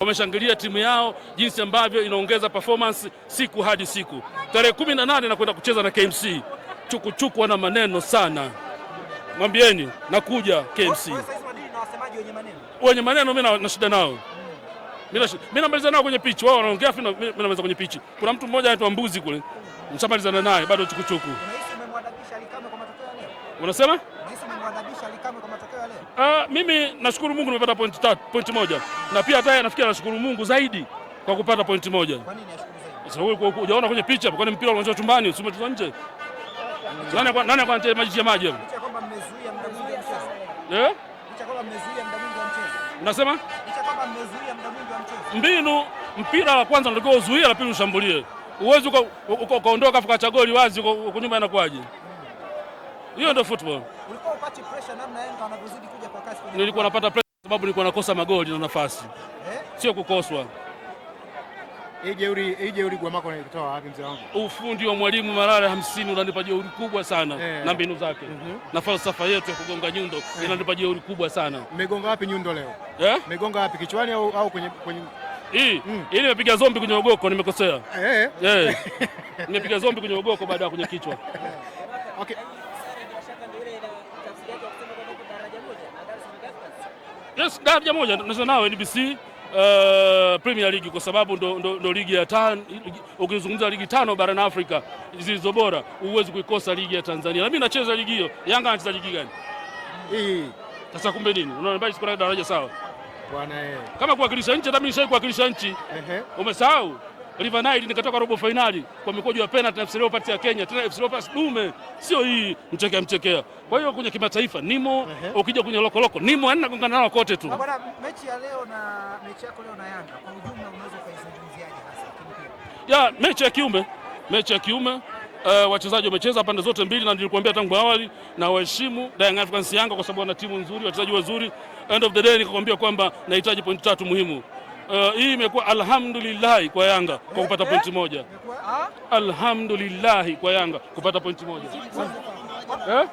wameshangilia timu yao jinsi ambavyo inaongeza performance siku hadi siku. Tarehe kumi na nane nakwenda kucheza na KMC. Chukuchuku chuku wana maneno sana, mwambieni nakuja KMC. Wenye maneno mimi na shida nao mimi namalizana nao kwenye pichi, wao wanaongea afu mimi namaliza kwenye pichi. Kuna mtu mmoja anaitwa Mbuzi kule, mshamalizana naye bado chukuchuku. Unasema? kumwadabisha Alikamwe kwa matokeo ya leo? Ah, mimi nashukuru Mungu nimepata point tatu, point moja. Na pia hata yeye nafikiri anashukuru Mungu zaidi kwa kupata point moja. Kwa nini ashukuru zaidi? Sasa wewe unaona kwenye picha, kwani mpira unaanza chumbani, usimetuza nje. Nani kwa nani kwa nje maji ya maji hapo? Kwamba mmezuia muda mwingi wa mchezo. Eh? Kwamba mmezuia muda mwingi wa mchezo. Unasema? Kwamba mmezuia muda mwingi wa mchezo. Mbinu mpira wa kwanza unatakiwa uzuie, la pili ushambulie. Uwezi ukaondoka afu kacha goli wazi, uko nyuma inakuwaje? Mm. Hiyo ndio football hawapati pressure namna Yanga wanavyozidi kuja kwa kasi. Nilikuwa napata pressure sababu nilikuwa nakosa magoli na nafasi eh? Sio kukoswa. Hii jeuri hii jeuri kwa mako nilitoa wapi mzee wangu? Ufundi wa mwalimu Marara hamsini unanipa jeuri kubwa sana eh, na mbinu zake mm-hmm. na falsafa yetu ya kugonga nyundo eh, inanipa jeuri kubwa sana. Mmegonga wapi nyundo leo? Eh? Mmegonga wapi kichwani au, au kwenye kwenye hii mm. Ili nimepiga zombi kwenye ugoko nimekosea. Eh. Eh. Nimepiga zombi kwenye ugoko baada ya kwenye kichwa. Okay. Yes, daraja moja tunacheza nao NBC uh, eh, Premier League kwa sababu ndo, ndo, ndo ligi ya tano. Ukizungumza ligi tano barani Afrika zilizo bora, huwezi kuikosa ligi ya Tanzania, na mimi nacheza ligi hiyo. Yanga anacheza ligi gani hii? Sasa kumbe nini unaona, kuna daraja sawa bwana, eh, kama kuwakilisha nchi, nami nishai kuwakilisha nchi, umesahau River Nile nikatoka robo finali kwa mikojo ya penalty na FC Leopards ya Kenya, tena FC Leopards dume, sio hii mchekea mchekea. Kwa hiyo kwenye kimataifa nimo, ukija kwenye loko loko nimo, yani nagongana nao kote tu. Bwana, mechi ya leo na mechi yako leo na Yanga kwa ujumla unaweza kuizungumziaje hasa? Ya mechi ya kiume, mechi ya kiume Uh, wachezaji wamecheza pande zote mbili, na nilikuambia tangu awali na waheshimu Young Africans Yanga kwa sababu wana timu nzuri, wachezaji wazuri. End of the day nikakwambia kwamba nahitaji pointi tatu muhimu. Uh, hii imekuwa alhamdulillahi kwa Yanga kwa kupata pointi moja, alhamdulillahi kwa Yanga kupata pointi moja eh?